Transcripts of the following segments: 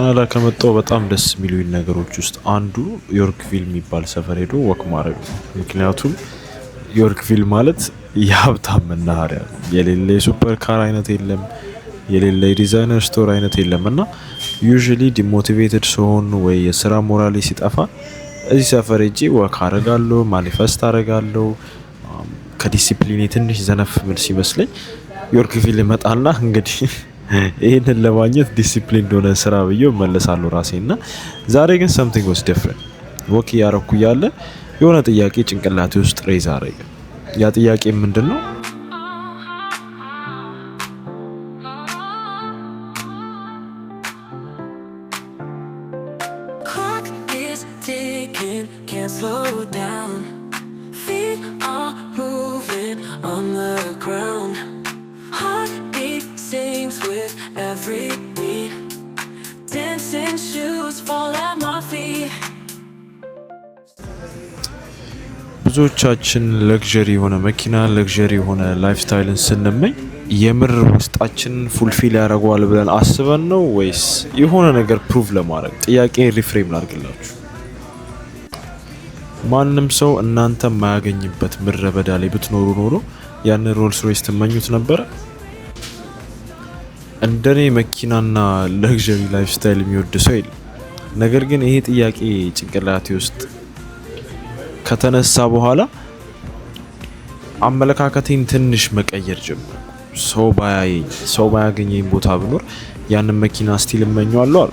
ካናዳ ከመጣው በጣም ደስ የሚሉኝ ነገሮች ውስጥ አንዱ ዮርክቪል የሚባል ሰፈር ሄዶ ወክ ማድረግ ነው። ምክንያቱም ዮርክቪል ማለት የሀብታም መናኸሪያ ነው። የሌለ የሱፐር ካር አይነት የለም፣ የሌለ የዲዛይነር ስቶር አይነት የለም እና ዩዥሊ ዲሞቲቬትድ ሲሆን ወይ የስራ ሞራሌ ሲጠፋ እዚህ ሰፈር እጂ ወክ አረጋለሁ፣ ማኒፌስት አረጋለሁ። ከዲሲፕሊን ትንሽ ዘነፍ ምል ሲመስለኝ ዮርክቪል እመጣና እንግዲህ ይህንን ለማግኘት ዲሲፕሊን እንደሆነ ስራ ብዬ መለሳለሁ ራሴ እና ዛሬ ግን ሰምቲንግ ወስ ዲፍረንት ወክ እያረኩ እያለ የሆነ ጥያቄ ጭንቅላቴ ውስጥ ሬዝ አረገ። ያ ጥያቄ ምንድን ነው? slow down. ብዙዎቻችን ለግዠሪ የሆነ መኪና ለግዠሪ የሆነ ላይፍ ስታይልን ስንመኝ የምር ውስጣችን ፉልፊል ያደርገዋል ብለን አስበን ነው ወይስ የሆነ ነገር ፕሩቭ ለማድረግ? ጥያቄ ሪፍሬም ላድርግላችሁ። ማንም ሰው እናንተ የማያገኝበት ምድረ በዳ ላይ ብትኖሩ ኖሮ ያን ሮልስ ሮይስ ትመኙት ነበረ? እንደኔ መኪናና ለግዠሪ ላይፍ ስታይል የሚወድ ሰው የለም። ነገር ግን ይሄ ጥያቄ ጭንቅላቴ ውስጥ ከተነሳ በኋላ አመለካከቴን ትንሽ መቀየር ጀመር። ሰው ባያየኝ ሰው ባያገኘኝ ቦታ ብኖር ያንን መኪና ስቲል እመኘዋለሁ አሉ።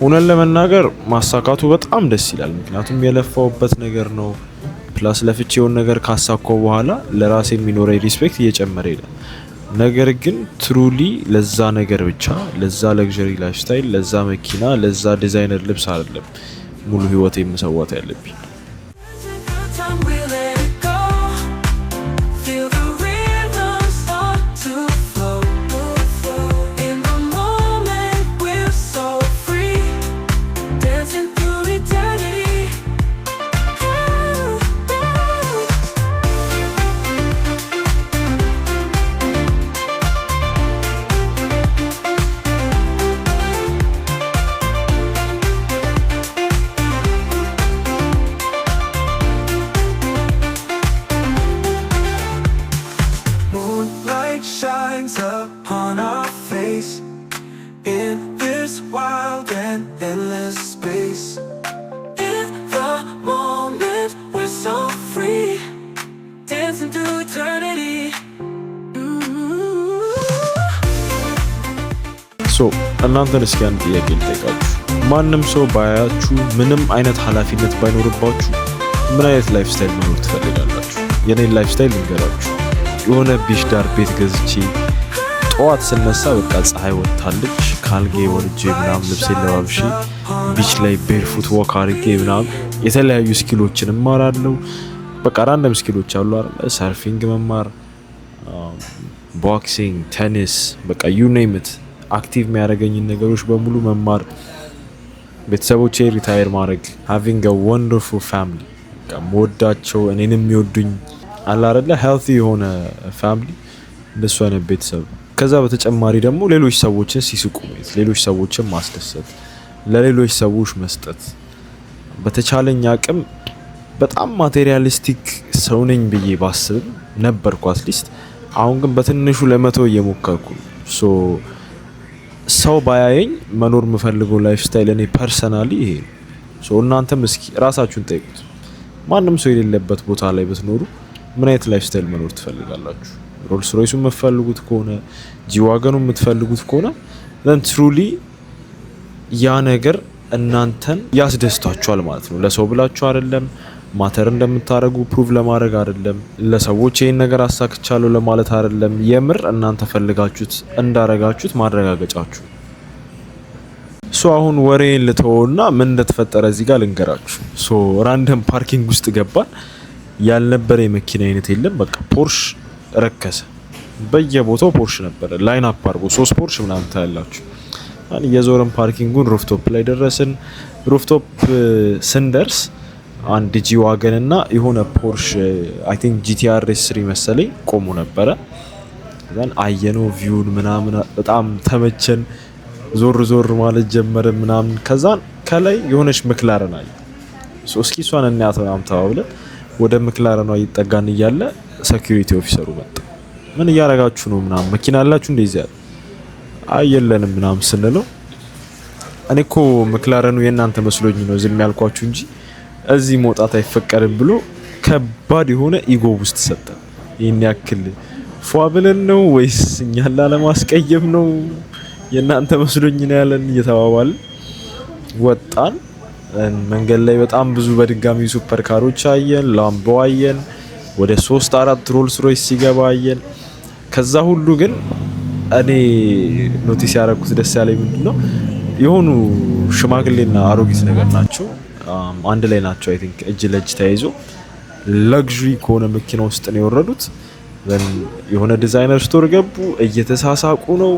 እውነን ለመናገር ማሳካቱ በጣም ደስ ይላል። ምክንያቱም የለፋውበት ነገር ነው። ፕላስ ለፍቼውን ነገር ካሳካው በኋላ ለራሴ የሚኖረኝ ሪስፔክት እየጨመረ ይላል። ነገር ግን ትሩሊ ለዛ ነገር ብቻ ለዛ ለግሪ ላይፍ ስታይል፣ ለዛ መኪና፣ ለዛ ዲዛይነር ልብስ አይደለም ሙሉ ህይወት የምሰዋት ያለብኝ እናንተን እስኪ አንድ ጥያቄ ልጠይቃችሁ። ማንም ሰው ባያችሁ፣ ምንም አይነት ኃላፊነት ባይኖርባችሁ ምን አይነት ላይፍ ስታይል መኖር ትፈልጋላችሁ? የኔን ላይፍ ስታይል ልንገራችሁ። የሆነ ቢሽ ዳር ቤት ገዝቼ ጠዋት ስነሳ በቃ ፀሐይ ወጥታለች ካልጌ ወርጄ ምናምን ልብሴ ለባብሼ ቢች ላይ ቤርፉት ወክ አድርጌ ምናምን የተለያዩ ስኪሎችን እማራለሁ። በቃ ራንደም ስኪሎች አሉ አለ ሰርፊንግ መማር፣ ቦክሲንግ፣ ቴኒስ በቃ ዩ ኔም ኢት አክቲቭ የሚያደርገኝን ነገሮች በሙሉ መማር፣ ቤተሰቦቼ ሪታየር ማድረግ፣ ሃቪንግ ወንደርፉል ፋሚሊ ወዳቸው እኔንም የሚወዱኝ አላረለ ሄልቲ የሆነ ፋሚሊ እንደሱ አይነት ቤተሰብ። ከዛ በተጨማሪ ደግሞ ሌሎች ሰዎችን ሲስቁ ማየት፣ ሌሎች ሰዎችን ማስደሰት፣ ለሌሎች ሰዎች መስጠት በተቻለኝ አቅም በጣም ማቴሪያሊስቲክ ሰው ነኝ ብዬ ባስብም ነበርኩ አትሊስት። አሁን ግን በትንሹ ለመተው እየሞከርኩ ሶ ሰው ባያየኝ መኖር የምፈልገው ላይፍ ስታይል እኔ ፐርሰናሊ ይሄ ነው። እናንተም እስኪ ራሳችሁን ጠይቁት። ማንም ሰው የሌለበት ቦታ ላይ ብትኖሩ ምን አይነት ላይፍ ስታይል መኖር ትፈልጋላችሁ? ሮልስ ሮይሱ የምትፈልጉት ከሆነ ጂዋገኑ የምትፈልጉት ከሆነ ዘን ትሩሊ ያ ነገር እናንተን ያስደስታችኋል ማለት ነው። ለሰው ብላችሁ አይደለም ማተር እንደምታደርጉ ፕሩቭ ለማድረግ አይደለም፣ ለሰዎች ይህን ነገር አሳክቻለሁ ለማለት አይደለም። የምር እናንተ ፈልጋችሁት እንዳረጋችሁት ማረጋገጫችሁ። ሶ አሁን ወሬን ልተወውና ምን እንደተፈጠረ እዚህ ጋር ልንገራችሁ። ሶ ራንደም ፓርኪንግ ውስጥ ገባን። ያልነበረ የመኪና አይነት የለም። በቃ ፖርሽ ረከሰ። በየቦታው ፖርሽ ነበረ ላይን አፕ አድርጎ ሶስት ፖርሽ ምናምን ታያላችሁ። የዞርን ፓርኪንጉን ሩፍቶፕ ላይ ደረስን። ሩፍቶፕ ስንደርስ አንድ ጂ ዋገን እና የሆነ ፖርሽ አይ ቲንክ ጂቲአርኤስ ስሪ መሰለኝ ቆሞ ነበረ። ዘን አየነው ቪውን ምናምን በጣም ተመቸን። ዞር ዞር ማለት ጀመረ ምናምን። ከዛን ከላይ የሆነች መክላረን አየ። እስኪ እሷን እናያት ምናምን ተባብለን ወደ መክላረኗ እየጠጋን እያለ ሴኩሪቲ ኦፊሰሩ መጣ። ምን እያረጋችሁ ነው ምናምን መኪና አላችሁ እንደዚህ ያለ አይ ምናምን ስንለው እኔ እኮ ምክላረኑ የእናንተ መስሎኝ ነው ዝም ያልኳችሁ እንጂ እዚህ መውጣት አይፈቀድም ብሎ ከባድ የሆነ ኢጎ ውስጥ ሰጠ። ይህን ያክል ፏ ብለን ነው ወይስ እኛን ላለማስቀየም ነው የእናንተ መስሎኝ ነው ያለን እየተባባል ወጣን። መንገድ ላይ በጣም ብዙ በድጋሚ ሱፐር ካሮች አየን፣ ላምቦ አየን፣ ወደ ሶስት አራት ሮልስ ሮይስ ሲገባ አየን። ከዛ ሁሉ ግን እኔ ኖቲስ ያደረኩት ደስ ያለኝ ምንድን ነው የሆኑ ሽማግሌና አሮጊት ነገር ናቸው Um, አንድ ላይ ናቸው። አይ ቲንክ እጅ ለእጅ ተያይዞ ለግሪ ከሆነ መኪና ውስጥ ነው የወረዱት። የሆነ ዲዛይነር ስቶር ገቡ፣ እየተሳሳቁ ነው፣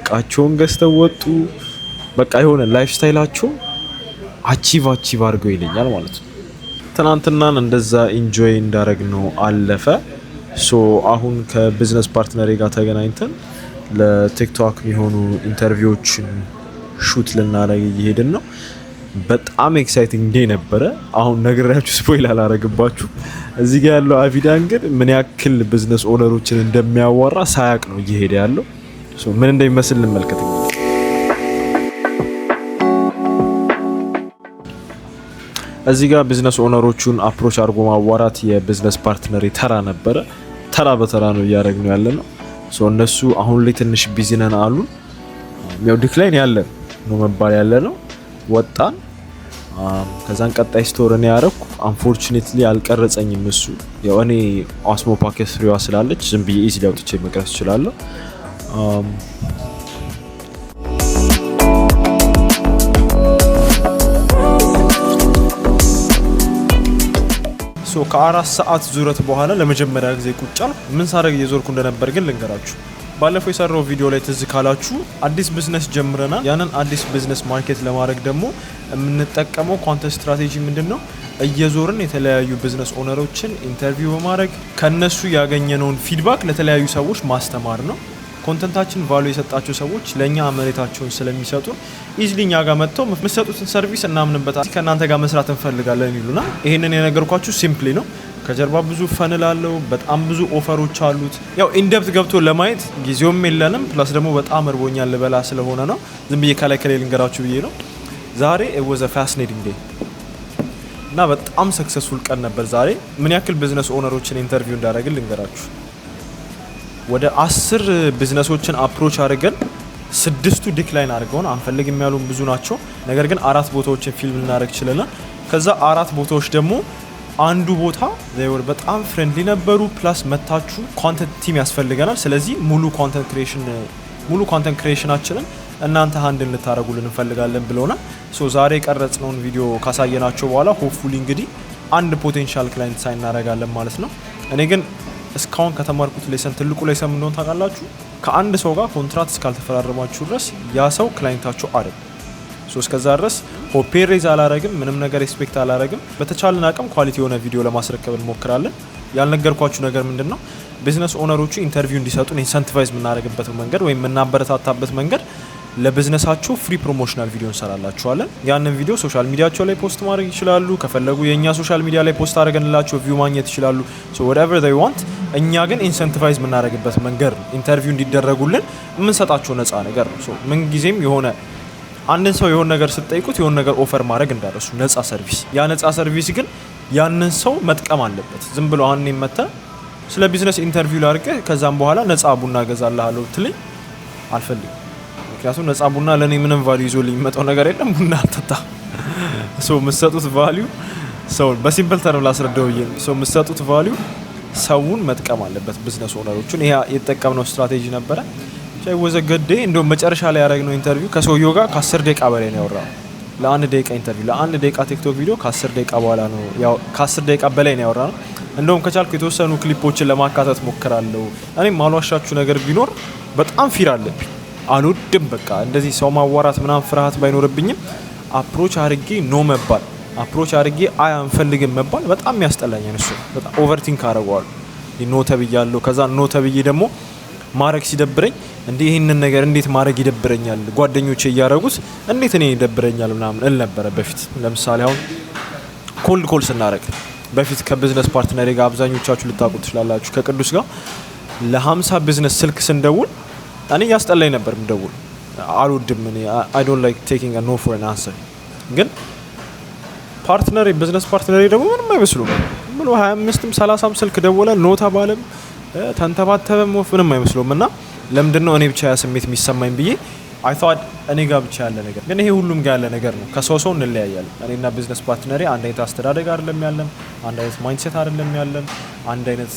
እቃቸውን ገዝተው ወጡ። በቃ የሆነ ላይፍ ስታይላቸው አቺቭ አቺቭ አድርገው ይለኛል ማለት ነው። ትናንትናን እንደዛ ኢንጆይ እንዳደረግ ነው አለፈ። ሶ አሁን ከቢዝነስ ፓርትነሬ ጋር ተገናኝተን ለቲክቶክ የሚሆኑ ኢንተርቪዎችን ሹት ልናደርግ እየሄድን ነው። በጣም ኤክሳይቲንግ ዴ ነበረ። አሁን ነግሬያችሁ ስፖይል አላረግባችሁ። እዚህ ጋ ያለው አቪዳን ግን ምን ያክል ቢዝነስ ኦነሮችን እንደሚያዋራ ሳያቅ ነው እየሄደ ያለው። ምን እንደሚመስል እንመልከት። እዚህ ጋ ቢዝነስ ኦነሮቹን አፕሮች አድርጎ ማዋራት የቢዝነስ ፓርትነር ተራ ነበረ። ተራ በተራ ነው ነው ያለ ነው። እነሱ አሁን ላይ ትንሽ ቢዝነን አሉን። ያው ዲክላይን ያለን ነው መባል ያለ ነው ወጣን። ከዛን ቀጣይ ስቶር እኔ ያረኩ አንፎርቹኔትሊ አልቀረጸኝም እሱ። ያው እኔ አስሞ ፓኬት ፍሪዋ ስላለች ዝም ብዬ ኢዚ ሊያውጥቼ መቅረጽ እችላለሁ። ከአራት ሰዓት ዙረት በኋላ ለመጀመሪያ ጊዜ ቁጫ ምን ሳደርግ እየዞርኩ እንደነበር ግን ልንገራችሁ። ባለፈው የሰራው ቪዲዮ ላይ ትዝ ካላችሁ አዲስ ቢዝነስ ጀምረናል። ያንን አዲስ ቢዝነስ ማርኬት ለማድረግ ደግሞ የምንጠቀመው ኮንተንት ስትራቴጂ ምንድን ነው? እየዞርን የተለያዩ ቢዝነስ ኦነሮችን ኢንተርቪው በማድረግ ከነሱ ያገኘነውን ፊድባክ ለተለያዩ ሰዎች ማስተማር ነው። ኮንተንታችን ቫሉ የሰጣቸው ሰዎች ለእኛ መሬታቸውን ስለሚሰጡ ኢዝሊ እኛ ጋር መጥተው የምትሰጡትን ሰርቪስ እናምንበታል፣ ከእናንተ ጋር መስራት እንፈልጋለን ይሉናል። ይህንን የነገርኳችሁ ሲምፕሊ ነው። ከጀርባ ብዙ ፈንል አለው። በጣም ብዙ ኦፈሮች አሉት። ያው ኢንደብት ገብቶ ለማየት ጊዜውም የለንም። ፕላስ ደግሞ በጣም እርቦኛል ልበላ ስለሆነ ነው። ዝም ብዬ ከላይ ከላይ ልንገራችሁ ብዬ ነው። ዛሬ ወዘ ፋስኔቲንግ ዴይ እና በጣም ሰክሰስፉል ቀን ነበር ዛሬ። ምን ያክል ቢዝነስ ኦነሮችን ኢንተርቪው እንዳደረግን ልንገራችሁ። ወደ አስር ቢዝነሶችን አፕሮች አድርገን ስድስቱ ዲክላይን አድርገውን አንፈልግም ያሉን ብዙ ናቸው። ነገር ግን አራት ቦታዎችን ፊልም ልናደርግ ችለናል። ከዛ አራት ቦታዎች ደግሞ አንዱ ቦታ በጣም ፍሬንድሊ ነበሩ። ፕላስ መታችሁ ኮንተንት ቲም ያስፈልገናል፣ ስለዚህ ሙሉ ኮንተንት ክሬሽን ሙሉ ኮንተንት ክሬሽናችንን እናንተ ሀንድል ልታደረጉልን እንፈልጋለን ብለውናል። ሶ ዛሬ የቀረጽነውን ቪዲዮ ካሳየናቸው በኋላ ሆፕፉሊ እንግዲህ አንድ ፖቴንሻል ክላይንት ሳይ እናደርጋለን ማለት ነው። እኔ ግን እስካሁን ከተማርኩት ሌሰን ትልቁ ሌሰን እንደሆን ታውቃላችሁ፣ ከአንድ ሰው ጋር ኮንትራት እስካልተፈራረማችሁ ድረስ ያ ሰው ክላይንታችሁ አይደል። ሶ እስከዛ ድረስ ኦፔሬዝ አላረግም፣ ምንም ነገር ኤክስፔክት አላረግም። በተቻለን አቅም ኳሊቲ የሆነ ቪዲዮ ለማስረከብ እንሞክራለን። ያልነገርኳችሁ ነገር ምንድን ነው? ቢዝነስ ኦነሮቹ ኢንተርቪው እንዲሰጡን ኢንሰንቲቫይዝ የምናደርግበት መንገድ ወይም የምናበረታታበት መንገድ ለቢዝነሳቸው ፍሪ ፕሮሞሽናል ቪዲዮ እንሰራላችኋለን። ያንን ቪዲዮ ሶሻል ሚዲያቸው ላይ ፖስት ማድረግ ይችላሉ። ከፈለጉ የእኛ ሶሻል ሚዲያ ላይ ፖስት አድርገንላቸው ቪው ማግኘት ይችላሉ። ወደቨር ዋንት። እኛ ግን ኢንሰንቲቫይዝ የምናደርግበት መንገድ ነው። ኢንተርቪው እንዲደረጉልን የምንሰጣቸው ነፃ ነገር ነው። ምንጊዜም የሆነ አንድን ሰው የሆነ ነገር ስትጠይቁት የሆነ ነገር ኦፈር ማድረግ እንዳረሱ ነጻ ሰርቪስ። ያ ነጻ ሰርቪስ ግን ያንን ሰው መጥቀም አለበት። ዝም ብሎ አሁን መተ ስለ ቢዝነስ ኢንተርቪው ላድርገ ከዛም በኋላ ነጻ ቡና እገዛልሃለሁ ትልኝ አልፈልግም። ምክንያቱም ነጻ ቡና ለእኔ ምንም ቫሊዩ ይዞ የሚመጣው ነገር የለም። ቡና አልጠጣ ሰው የምትሰጡት ቫሊዩ ሰውን በሲምፕል ተርም ላስረዳው ሰው የምትሰጡት ቫሊዩ ሰውን መጥቀም አለበት። ቢዝነስ ኦነሮቹን ይሄ የተጠቀምነው ስትራቴጂ ነበረ። ወዘ ገዴ እንደውም መጨረሻ ላይ ያደረግነው ኢንተርቪው ከሰውየው ጋር ከአስር ደቂቃ በላይ ነው ያወራው። ለአንድ ደቂቃ ኢንተርቪው ለአንድ ደቂቃ ቲክቶክ ቪዲዮ ከአስር ደቂቃ በኋላ ነው ያው ከአስር ደቂቃ በላይ ነው ያወራ ነው። እንደውም ከቻልኩ የተወሰኑ ክሊፖችን ለማካተት ሞክራለሁ። እኔም ማሏሻችሁ ነገር ቢኖር በጣም ፊር አለብኝ አልወድም። በቃ እንደዚህ ሰው ማዋራት ምናምን ፍርሃት ባይኖርብኝም አፕሮች አርጌ ኖ መባል አፕሮች አድርጌ አይ አንፈልግም መባል በጣም ያስጠላኛል። እሱ በጣም ኦቨርቲንክ አደርገዋለሁ። ኖ ተብያለሁ። ከዛ ኖ ተብዬ ደግሞ ማድረግ ሲደብረኝ እንዲህ ይህንን ነገር እንዴት ማድረግ ይደብረኛል፣ ጓደኞቼ እያደረጉት እንዴት እኔ ይደብረኛል ምናምን እል ነበረ በፊት። ለምሳሌ አሁን ኮልድ ኮል ስናደረግ በፊት ከቢዝነስ ፓርትነር ጋር አብዛኞቻችሁ ልታውቁ ትችላላችሁ፣ ከቅዱስ ጋር ለሀምሳ ቢዝነስ ስልክ ስንደውል እኔ እያስጠላኝ ነበር ምደውል አልወድም። አይ ዶንት ላይክ ቴኪንግ ኖ ፎር አን አንሰር ግን ፓርትነር ቢዝነስ ፓርትነር ደግሞ ምንም አይመስሉም ምን 25ም 30ም ስልክ ደወለ ኖታ ባለም ተንተባተበም ወፍንም አይመስለውም። እና ለምንድን ነው እኔ ብቻ ያ ስሜት የሚሰማኝ ብዬ ቶት እኔ ጋር ብቻ ያለ ነገር ግን ይሄ ሁሉም ጋር ያለ ነገር ነው። ከሰው ሰው እንለያያለን። እኔና ቢዝነስ ፓርትነሬ አንድ አይነት አስተዳደግ አይደለም ያለን፣ አንድ አይነት ማይንድሴት አይደለም ያለን፣ አንድ አይነት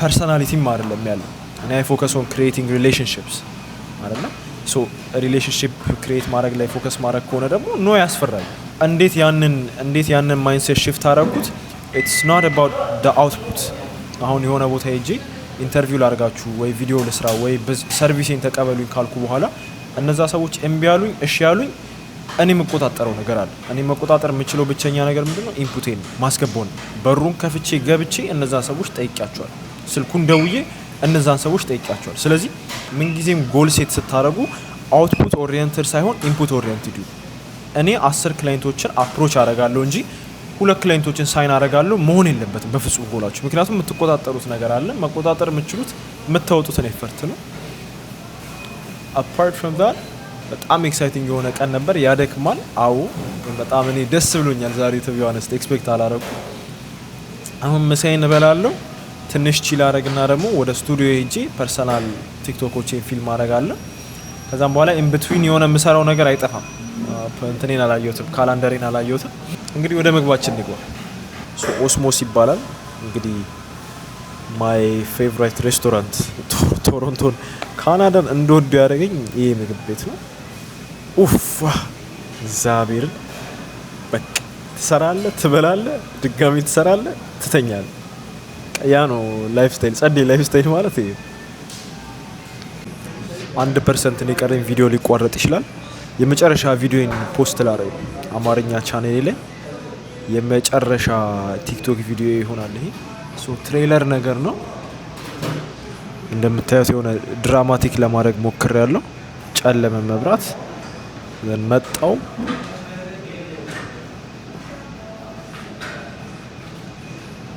ፐርሰናሊቲም አይደለም ያለን። እኔ አይ ፎከስ ኦን ክሪኤቲንግ ሪሌሽንሽፕስ አይደለ። ሶ ሪሌሽንሽፕ ክሪኤት ማድረግ ላይ ፎከስ ማድረግ ከሆነ ደግሞ ኖ ያስፈራል። እንዴት ያንን እንዴት ያንን ማይንድሴት ሽፍት አደረኩት? ኢትስ ኖት አባውት ዘ አውትፑት አሁን የሆነ ቦታ ሄጄ ኢንተርቪው ላርጋችሁ ወይ ቪዲዮ ልስራ ወይ ሰርቪሴን ተቀበሉኝ ካልኩ በኋላ እነዛ ሰዎች እምቢ ያሉኝ እሺ ያሉኝ እኔ የምቆጣጠረው ነገር አለ። እኔ መቆጣጠር የምችለው ብቸኛ ነገር ምንድነው? ኢንፑቴን ማስገባው ነው። በሩን ከፍቼ ገብቼ እነዛን ሰዎች ጠይቂያቸዋል። ስልኩን ደውዬ እነዛን ሰዎች ጠይቂያቸዋል። ስለዚህ ምንጊዜም ጎል ሴት ስታደረጉ አውትፑት ኦሪየንትድ ሳይሆን ኢንፑት ኦሪየንትድ። ዩ። እኔ አስር ክላይንቶችን አፕሮች አደርጋለሁ እንጂ ሁለት ክላይንቶችን ሳይን አረጋለሁ መሆን የለበትም በፍጹም ጎላችሁ። ምክንያቱም የምትቆጣጠሩት ነገር አለ። መቆጣጠር የምችሉት የምታወጡትን ኤፈርት ነው። አፓርት ፍሮም ዛት በጣም ኤክሳይቲንግ የሆነ ቀን ነበር። ያደክማል። አዎ በጣም እኔ ደስ ብሎኛል ዛሬ ቱቢ ሆነስት ኤክስፔክት አላረጉ። አሁን ምሳዬን እበላለሁ ትንሽ ቺል አረግና ደግሞ ወደ ስቱዲዮ ሄጄ ፐርሰናል ቲክቶኮቼን ፊልም አረጋለሁ። ከዛም በኋላ ኢንብትዊን የሆነ የምሰራው ነገር አይጠፋም። እንትኔን አላየሁትም፣ ካላንደሬን አላየሁትም። እንግዲህ ወደ ምግባችን ንግባ። ኦስሞስ ይባላል እንግዲህ ማይ ፌቨራይት ሬስቶራንት ቶሮንቶን ካናዳን እንደወዱ ያደረገኝ ይህ ምግብ ቤት ነው። ኡፍ እግዚአብሔርን በቃ ትሰራለ፣ ትበላለ፣ ድጋሚ ትሰራለ፣ ትተኛለ። ያ ነው ላይፍ ስታይል፣ ጸዴ ላይፍ ስታይል ማለት ይሄ። አንድ ፐርሰንት ነው የቀረኝ። ቪዲዮ ሊቋረጥ ይችላል። የመጨረሻ ቪዲዮን ፖስት ላረ አማርኛ ቻኔሌ ላይ የመጨረሻ ቲክቶክ ቪዲዮ ይሆናል። ይሄ ትሬለር ነገር ነው እንደምታዩት የሆነ ድራማቲክ ለማድረግ ሞክር ያለው ጨለመ መብራት ዘን መጣው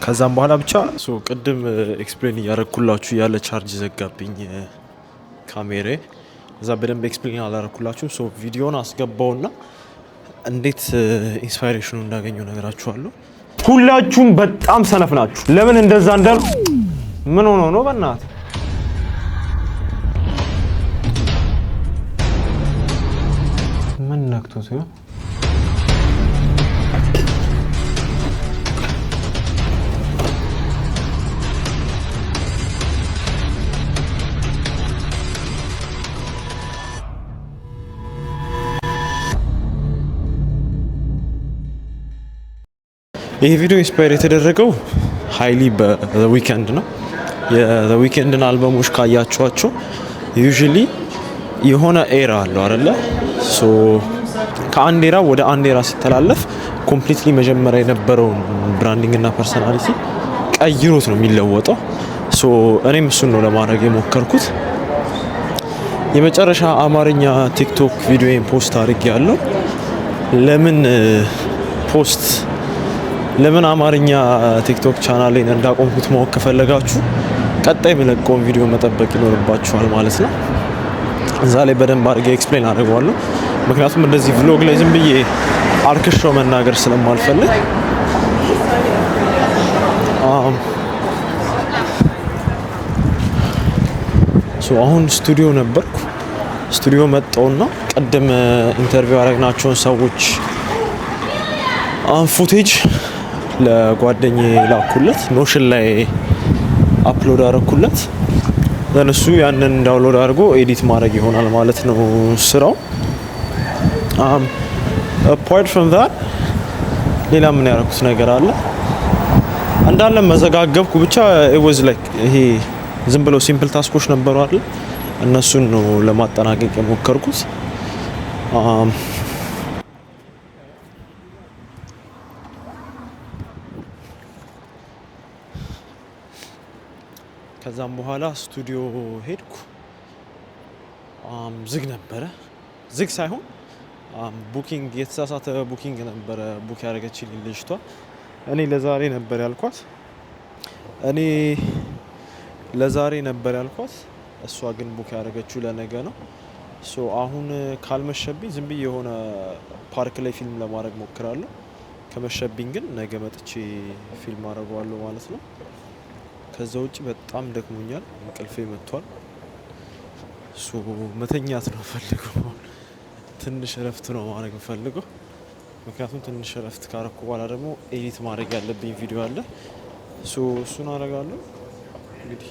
ከዛም በኋላ ብቻ ሶ ቅድም ኤክስፕሌን uh, እያደረግኩላችሁ ያለ ቻርጅ ዘጋብኝ uh, ካሜሬ እዛ በደንብ ኤክስፕሌን አላረኩላችሁ። ሶ ቪዲዮን አስገባውና እንዴት ኢንስፓይሬሽኑ እንዳገኘው ነገራችኋለሁ። ሁላችሁም በጣም ሰነፍ ናችሁ። ለምን እንደዛ እንዳል ምን ሆኖ ነው? በእናት ምን ነክቶ ሲሆን ይህ ቪዲዮ ኢንስፓየር የተደረገው ሀይሊ በዊኬንድ ነው። የዊኬንድን አልበሞች ካያችኋቸው ዩዥሊ የሆነ ኤራ አለው አደለ? ከአንድ ኤራ ወደ አንድ ኤራ ሲተላለፍ ኮምፕሊትሊ መጀመሪያ የነበረውን ብራንዲንግ ፐርሰናሊቲ ፐርሶናሊቲ ቀይሮት ነው የሚለወጠው። እኔም እሱን ነው ለማድረግ የሞከርኩት። የመጨረሻ አማርኛ ቲክቶክ ቪዲዮ ፖስት አድርጌ ያለው ለምን ፖስት ለምን አማርኛ ቲክቶክ ቻናሌን እንዳቆምኩት ማወቅ ከፈለጋችሁ ቀጣይ የምለቀውን ቪዲዮ መጠበቅ ይኖርባችኋል ማለት ነው። እዛ ላይ በደንብ አድርጌ ኤክስፕሌን አድርገዋለሁ። ምክንያቱም እንደዚህ ቪሎግ ላይ ዝም ብዬ አርክሾ መናገር ስለማልፈልግ አሁን ስቱዲዮ ነበርኩ። ስቱዲዮ መጣውና ቀደም ኢንተርቪው ያደረግናቸውን ሰዎች ፉቴጅ ለጓደኝ ላኩለት፣ ኖሽን ላይ አፕሎድ አረኩለት። እነሱ ያንን ዳውንሎድ አድርጎ ኤዲት ማድረግ ይሆናል ማለት ነው ስራው። አፓርት ፍሮም ዛት ሌላ ምን ያደረኩት ነገር አለ እንዳለ መዘጋገብኩ። ብቻ ወዝ ላይክ ይሄ ዝም ብለው ሲምፕል ታስኮች ነበሩ አይደል? እነሱን ነው ለማጠናቀቅ የሞከርኩት። ከዛም በኋላ ስቱዲዮ ሄድኩ። ዝግ ነበረ። ዝግ ሳይሆን ቡኪንግ የተሳሳተ ቡኪንግ ነበረ ቡክ ያደረገችልኝ ልጅቷ። እኔ ለዛሬ ነበር ያልኳት እኔ ለዛሬ ነበር ያልኳት። እሷ ግን ቡክ ያደረገችው ለነገ ነው። ሶ አሁን ካልመሸብኝ ዝም ብዬ የሆነ ፓርክ ላይ ፊልም ለማድረግ ሞክራለሁ። ከመሸብኝ ግን ነገ መጥቼ ፊልም አደርገዋለሁ ማለት ነው። ከዛ ውጭ በጣም ደክሞኛል፣ እንቅልፌ መጥቷል። እሱ መተኛት ነው ፈልገው፣ ትንሽ እረፍት ነው ማድረግ ፈልገው። ምክንያቱም ትንሽ እረፍት ካረኩ በኋላ ደግሞ ኤዲት ማድረግ ያለብኝ ቪዲዮ አለ፣ እሱን አረጋለሁ እንግዲህ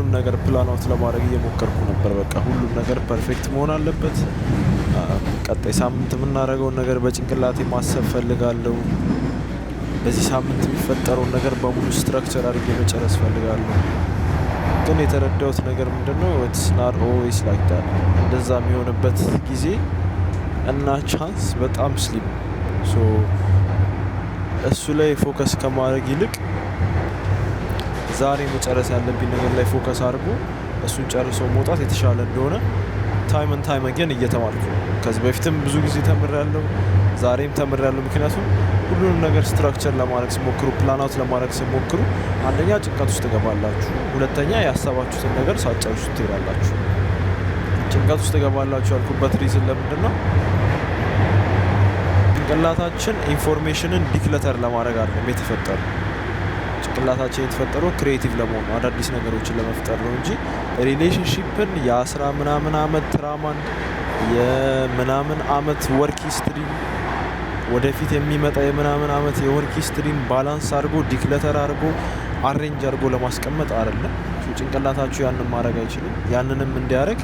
ሁሉንም ነገር ፕላን አውት ለማድረግ እየሞከርኩ ነበር። በቃ ሁሉም ነገር ፐርፌክት መሆን አለበት። ቀጣይ ሳምንት የምናደርገውን ነገር በጭንቅላቴ ማሰብ ፈልጋለሁ። በዚህ ሳምንት የሚፈጠረውን ነገር በሙሉ ስትራክቸር አድርጌ መጨረስ ፈልጋለሁ። ግን የተረዳሁት ነገር ምንድነው ነው ስናር ኦዌይስ ላይክ እንደዛ የሚሆንበት ጊዜ እና ቻንስ በጣም ስሊም እሱ ላይ ፎከስ ከማድረግ ይልቅ ዛሬ መጨረስ ያለብኝ ነገር ላይ ፎከስ አድርጎ እሱን ጨርሶ መውጣት የተሻለ እንደሆነ ታይምን ታይም አገን እየተማርኩ ነው። ከዚህ በፊትም ብዙ ጊዜ ተምሬያለሁ፣ ዛሬም ተምሬያለሁ። ምክንያቱም ሁሉንም ነገር ስትራክቸር ለማድረግ ሲሞክሩ፣ ፕላናውት ለማድረግ ሲሞክሩ አንደኛ ጭንቀት ውስጥ ትገባላችሁ፣ ሁለተኛ ያሰባችሁትን ነገር ሳጨርሱ ትሄዳላችሁ። ጭንቀት ውስጥ ትገባላችሁ ያልኩበት ሪዝን ለምንድን ነው? ጭንቅላታችን ኢንፎርሜሽንን ዲክለተር ለማድረግ አይደለም የተፈጠሩ ጭንቅላታቸው የተፈጠረው ክሬቲቭ ለመሆኑ አዳዲስ ነገሮችን ለመፍጠር ነው እንጂ ሪሌሽንሽፕን የአስራ ምናምን አመት ትራማን የምናምን አመት ወርክ ሂስትሪን ወደፊት የሚመጣ የምናምን አመት የወርክ ሂስትሪን ባላንስ አድርጎ ዲክለተር አድርጎ አሬንጅ አድርጎ ለማስቀመጥ አይደለም። ጭንቅላታችሁ ያንን ማድረግ አይችልም። ያንንም እንዲያደርግ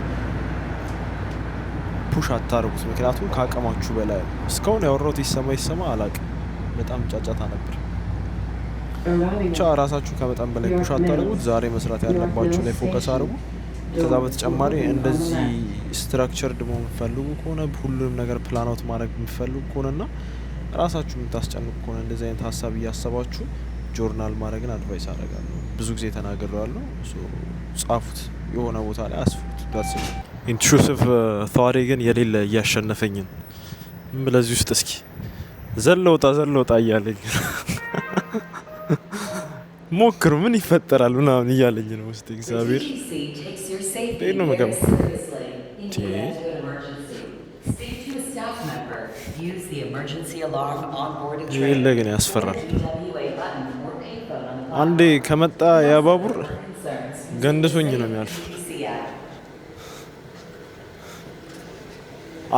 ፑሽ አታርጉት፣ ምክንያቱም ከአቅማችሁ በላይ ነው። እስካሁን ያወራሁት ይሰማ ይሰማ አላቅም። በጣም ጫጫታ ነበር። ብቻ ራሳችሁ ከመጠን በላይ ፑሽ አታደርጉት። ዛሬ መስራት ያለባችሁ ላይ ፎከስ አድርጉ። ከዛ በተጨማሪ እንደዚህ ስትራክቸርድ መሆን የምትፈልጉ ከሆነ ሁሉንም ነገር ፕላን አውት ማድረግ የምትፈልጉ ከሆነና ራሳችሁ የምታስጨንቁ ከሆነ እንደዚህ አይነት ሀሳብ እያሰባችሁ ጆርናል ማድረግን አድቫይስ አደርጋለሁ። ብዙ ጊዜ ተናግረዋለሁ። ጻፉት፣ የሆነ ቦታ ላይ አስፉት። ዳስ ኢንትሩሲቭ ተዋሪ ግን የሌለ እያሸነፈኝን ለዚህ ውስጥ እስኪ ዘለውጣ ዘለውጣ እያለኝ ሞክሩ ምን ይፈጠራል ምናምን እያለኝ ነው ውስጥ እግዚአብሔር እንዴት ነው ምግብ የለ ግን ያስፈራል። አንዴ ከመጣ የባቡር ገንድሶኝ ነው የሚያልፍ።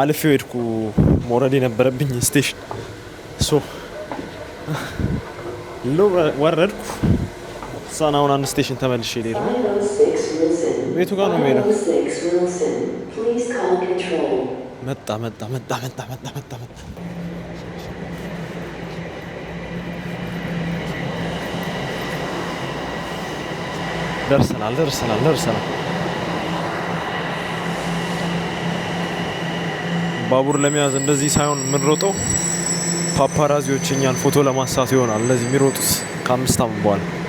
አልፌው ሄድኩ። መውረድ የነበረብኝ ስቴሽን ሶ እንደው ወረድኩ ሳን አሁን አንድ ስቴሽን ተመልሼ ልሄድ ቤቱ ጋር ነው የሚሄደው። መጣ መጣ መጣ መጣ መጣ መጣ መጣ ደርሰናል ደርሰናል ደርሰናል። ባቡር ለመያዝ እንደዚህ ሳይሆን የምንሮጠው ፓፓራዚዎች እኛን ፎቶ ለማሳት ይሆናል እነዚህ የሚሮጡት ከአምስት ዓመት በኋላ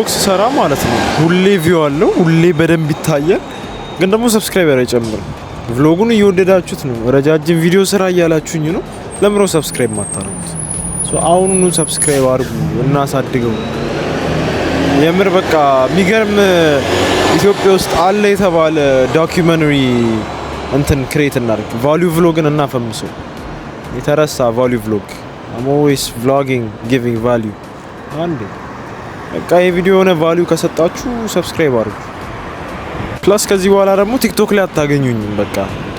ቪሎግ ስሰራ ማለት ነው ሁሌ ቪው አለው፣ ሁሌ በደንብ ይታያል። ግን ደግሞ ሰብስክራይበር አይጨምርም። ቪሎጉን እየወደዳችሁት ነው፣ ረጃጅም ቪዲዮ ስራ እያላችሁኝ ነው። ለምሮ ሰብስክራይብ ማታረጉት? አሁኑኑ ሰብስክራይብ አድርጉ፣ እናሳድገው። የምር በቃ የሚገርም ኢትዮጵያ ውስጥ አለ የተባለ ዶኪመንሪ እንትን ክሬት እናደርግ፣ ቫሊዩ ቪሎግን እናፈምሰው። የተረሳ ቫሊዩ ቪሎግ አም ኦልዌይስ ቭሎጊንግ ጊቪንግ ቫሊዩ አንዴ በቃ የቪዲዮ የሆነ ቫልዩ ከሰጣችሁ ሰብስክራይብ አድርጉ። ፕላስ ከዚህ በኋላ ደግሞ ቲክቶክ ላይ አታገኙኝም። በቃ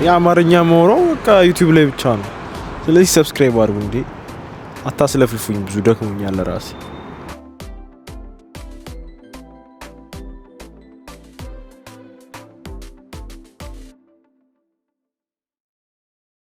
የአማርኛ መሆረው በቃ ዩቲዩብ ላይ ብቻ ነው። ስለዚህ ሰብስክራይብ አድርጉ። እንዴ አታስለፍልፉኝ፣ ብዙ ደክሞኛል ራሴ